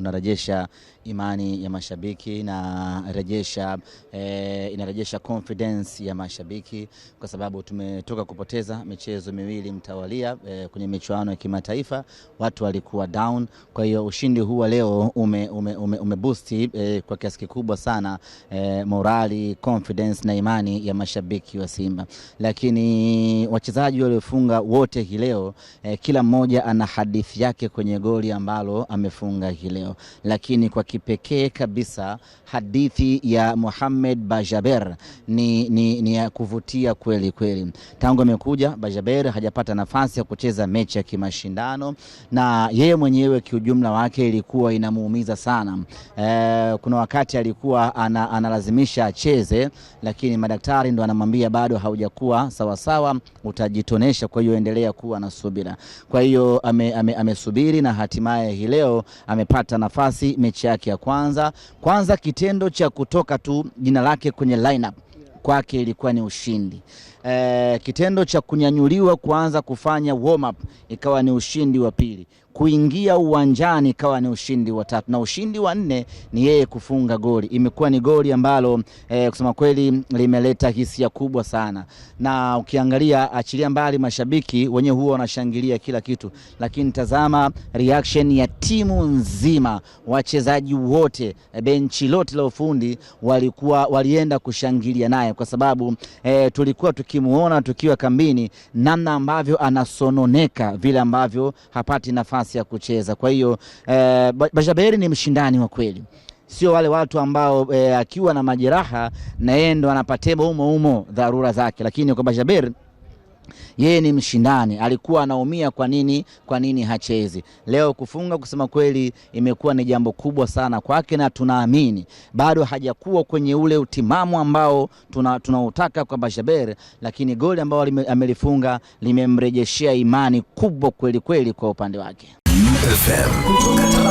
unarejesha imani ya mashabiki inarejesha, e, eh, inarejesha confidence ya mashabiki kwa sababu tumetoka kupoteza michezo miwili mtawalia e, kwenye michuano ya kimataifa watu walikuwa down. Kwa hiyo ushindi huu wa leo ume, ume, ume, ume boost e, kwa kiasi kikubwa sana e, morali confidence na imani ya mashabiki wa Simba, lakini wachezaji waliofunga wote hii leo e, kila mmoja ana hadithi yake kwenye goli ambalo amefunga hii leo hayo, lakini kwa kipekee kabisa hadithi ya Mohamed Bajaber ni, ni, ni ya kuvutia kweli kweli. Tangu amekuja Bajaber hajapata nafasi ya kucheza mechi ya kimashindano, na yeye mwenyewe kiujumla wake ilikuwa inamuumiza sana. E, kuna wakati alikuwa ana, analazimisha acheze, lakini madaktari ndo anamwambia bado haujakuwa sawasawa, utajitonesha, kwa hiyo endelea kuwa na subira. Kwa hiyo amesubiri ame, ame na hatimaye hii leo amepata nafasi mechi yake ya kwanza. Kwanza kitendo cha kutoka tu jina lake kwenye lineup kwake ilikuwa ni ushindi. E, kitendo cha kunyanyuliwa kuanza kufanya warm up ikawa ni ushindi wa pili, kuingia uwanjani ikawa ni ushindi wa tatu, na ushindi wa nne ni yeye kufunga goli. Imekuwa ni goli ambalo e, kusema kweli limeleta hisia kubwa sana, na ukiangalia, achilia mbali mashabiki wenyewe huwa wanashangilia kila kitu, lakini tazama reaction ya timu nzima, wachezaji wote, eh, benchi lote la ufundi walikuwa walienda kushangilia naye naye, kwa sababu e, tulikuwa tukimuona tukiwa kambini namna ambavyo anasononeka vile ambavyo hapati nafasi ya kucheza. Kwa hiyo e, Bajaberi ni mshindani wa kweli sio wale watu ambao e, akiwa na majeraha na yeye ndo anapatema umo umo dharura zake, lakini kwa Bajaberi yeye ni mshindani, alikuwa anaumia. Kwa nini? Kwa nini hachezi leo? Kufunga kusema kweli imekuwa ni jambo kubwa sana kwake, na tunaamini bado hajakuwa kwenye ule utimamu ambao tunautaka tuna kwa Bashaber, lakini goli ambao amelifunga limemrejeshea imani kubwa kweli kweli kwa upande wake FM.